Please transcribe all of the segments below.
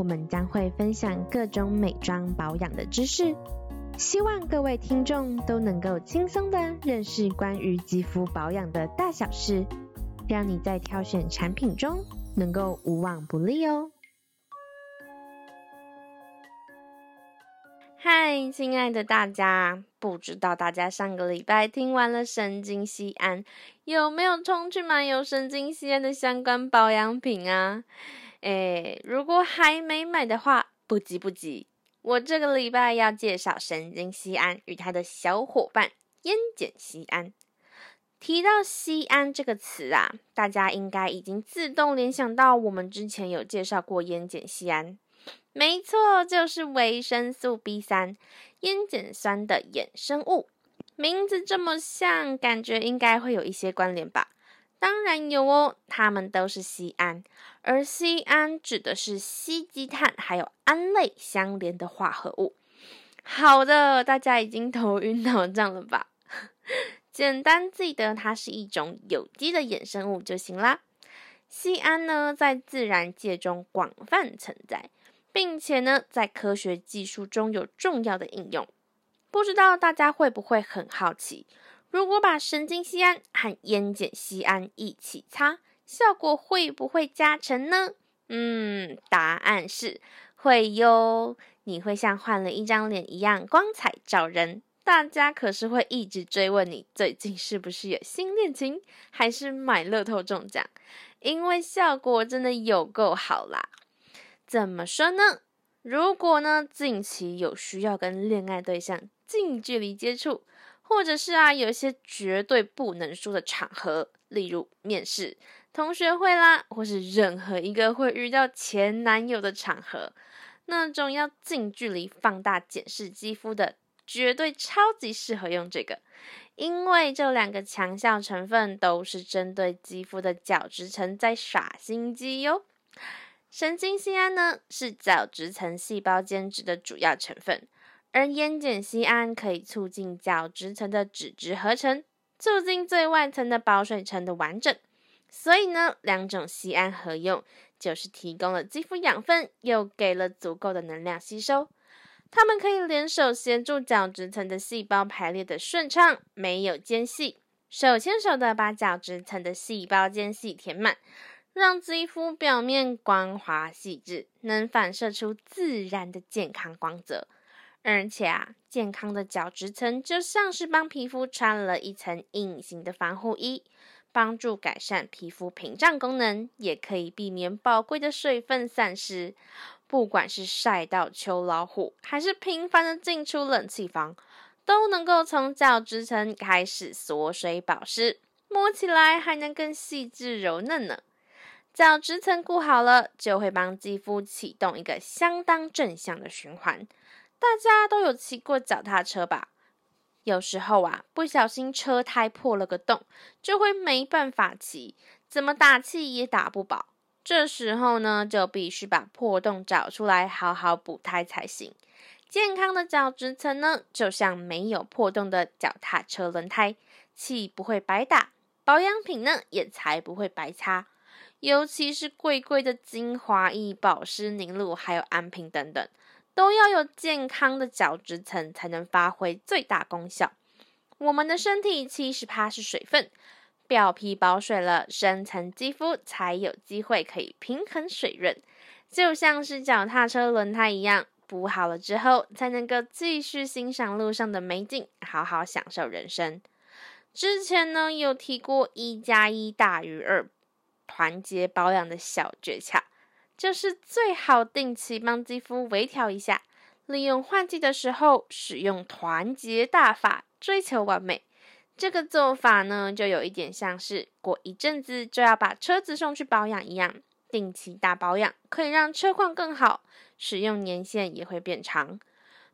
我們將會分享各種美妝保養的知識，希望各位聽眾都能夠輕鬆的認識關於肌膚保養的大小事，讓你在挑選產品中能夠無往不利哦。嗨，親愛的大家，不知道大家上個禮拜聽完了神經酰胺，有沒有衝去買有神經酰胺的相關保養品啊？誒，如果還沒買的話，不急不急。我這個禮拜要介紹神經酰胺與它的小夥伴菸鹼酰胺。提到“酰胺”這個詞啊，大家應該已經自動聯想到我們之前有介紹過菸鹼酰胺。沒錯，就是維生素 B 三菸鹼酸的衍生物。名字這麼像，感覺應該會有一些關聯吧。當然有哦，它們都是醯胺。而醯胺指的是醯基碳還有胺類相連的化合物。好的，大家已經頭暈腦脹了吧？簡單記得它是一種有機的衍生物就行啦。醯胺呢，在自然界中廣泛存在，並且呢，在科學技術中有重要的應用。不知道大家會不會很好奇？如果把神經酰胺和菸鹼酰胺一起擦，效果會不會加乘呢？嗯，答案是會喲。你會像換了一張臉一樣光彩照人，大家可是會一直追問你最近是不是有新戀情，還是買樂透中獎，因為效果真的有夠好啦。怎麼說呢？如果呢，近期有需要跟戀愛對象近距離接觸。或者是啊，有一些絕對不能輸的場合，例如面試、同學會啦，或是任何一個會遇到前男友的場合，那種要近距離放大檢視肌膚的，絕對超級適合用這個，因為這兩個強效成分都是針對肌膚的角質層在耍心機喲。神經酰胺呢，是角質層細胞間質的主要成分。而菸鹼酰胺可以促進角質層的脂質合成，促進最外層的保水層的完整。所以呢，兩種酰胺合用，就是提供了肌膚養分，又給了足夠的能量吸收。它們可以聯手協助角質層的細胞排列的順暢，沒有間隙，手牽手的把角質層的細胞間隙填滿，讓肌膚表面光滑細緻，能反射出自然的健康光澤。而且啊，健康的角質層就像是幫皮膚穿了一層隱形的防護衣，幫助改善皮膚屏障功能，也可以避免寶貴的水分散失。不管是曬到秋老虎，還是頻繁的進出冷氣房，都能夠從角質層開始鎖水保濕，摸起來還能更細緻柔嫩呢。角質層顧好了，就會幫肌膚啟動一個相當正向的循環。大家都有騎過腳踏車吧？有時候啊，不小心車胎破了個洞，就會沒辦法騎，怎麼打氣也打不飽。這時候呢，就必須把破洞找出來，好好補胎才行。健康的角質層呢，就像沒有破洞的腳踏車輪胎，氣不會白打，保養品呢，也才不會白擦。尤其是貴貴的精華液、保濕凝露，還有安瓶等等。都要有健康的角質層，才能發揮最大功效。我們的身體七十趴是水分，表皮保水了，深層肌膚才有機會可以平衡水潤。就像是腳踏車輪胎一樣，補好了之後，才能夠繼續欣賞路上的美景，好好享受人生。之前呢，有提過一加一大於二，團結保養的小訣竅。就是最好定期幫肌膚微調一下，利用換季的時候使用團結大法，追求完美。這個做法呢，就有一點像是過一陣子就要把車子送去保養一樣，定期大保養可以讓車況更好，使用年限也會變長。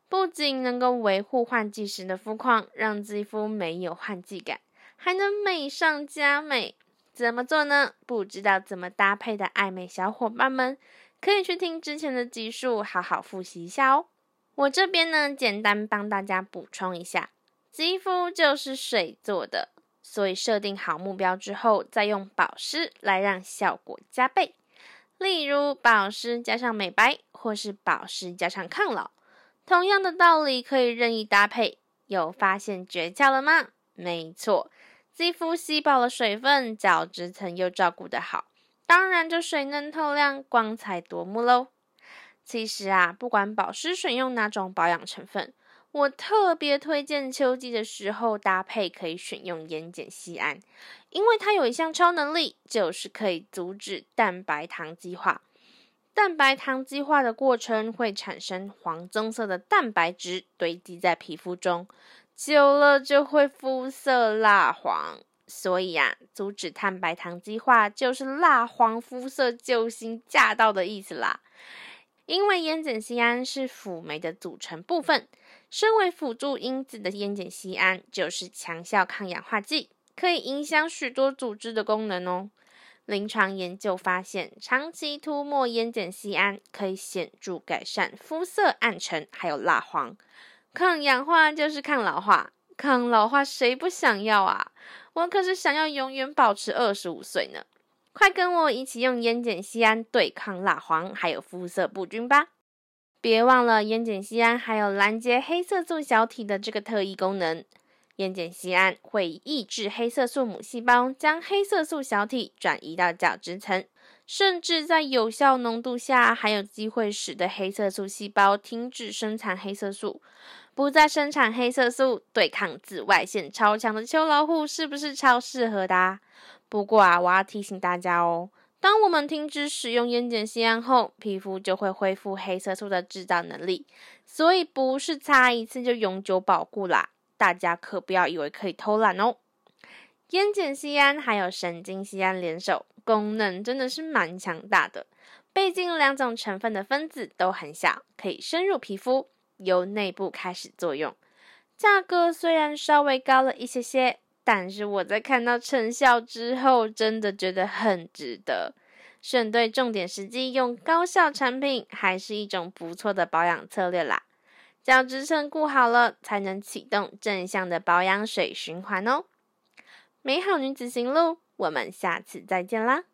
不僅能夠維護換季時的膚況，讓肌膚沒有換季感，還能美上加美。怎麼做呢？不知道怎麼搭配的愛美小夥伴們，可以去聽之前的集數，好好復習一下哦。我這邊呢，簡單幫大家補充一下：肌膚就是水做的，所以設定好目標之後，再用保濕來讓效果加倍。例如保濕加上美白，或是保濕加上抗老。同樣的道理可以任意搭配，有發現訣竅了嗎？沒錯。肌膚吸飽了水分，角質層又照顧得好，當然就水嫩透亮、光彩奪目嘍。其實啊，不管保濕選用哪種保養成分，我特別推薦秋季的時候搭配，可以選用菸鹼醯胺，因為它有一項超能力，就是可以阻止蛋白糖基化。蛋白糖基化的過程會產生黃棕色的蛋白質堆積在皮膚中。久了就會膚色蠟黃，所以呀、啊，阻止碳白糖基化就是蠟黃膚色救星駕到的意思啦。因為菸鹼醯胺是輔酶的組成部分，身為輔助因子的菸鹼醯胺就是強效抗氧化劑，可以影響許多組織的功能哦。臨床研究發現，長期塗抹菸鹼醯胺可以顯著改善膚色暗沉，還有蠟黃。抗氧化就是抗老化，抗老化誰不想要啊？我可是想要永遠保持二十五歲呢！快跟我一起用菸鹼酰胺對抗蠟黃，還有膚色不均吧！別忘了，菸鹼酰胺還有攔截黑色素小體的這個特異功能。菸鹼酰胺會抑制黑色素母細胞將黑色素小體轉移到角質層，甚至在有效濃度下，還有機會使得黑色素細胞停止生產黑色素。不再生產黑色素，對抗紫外線超強的秋老虎是不是超適合的啊？不過啊，我要提醒大家哦，當我們停止使用菸鹼酰胺後，皮膚就會恢復黑色素的製造能力，所以不是擦一次就永久保護啦。大家可不要以為可以偷懶哦。菸鹼酰胺還有神經酰胺聯手，功能真的是蠻強大的。畢竟兩種成分的分子都很小，可以深入皮膚。由內部開始作用，價格雖然稍微高了一些些，但是我在看到成效之後，真的覺得很值得。選對重點時機，用高效產品，還是一種不錯的保養策略啦。角質層顧好了，才能啟動正向的保養水循環哦。美好女子行路，我們下次再見啦！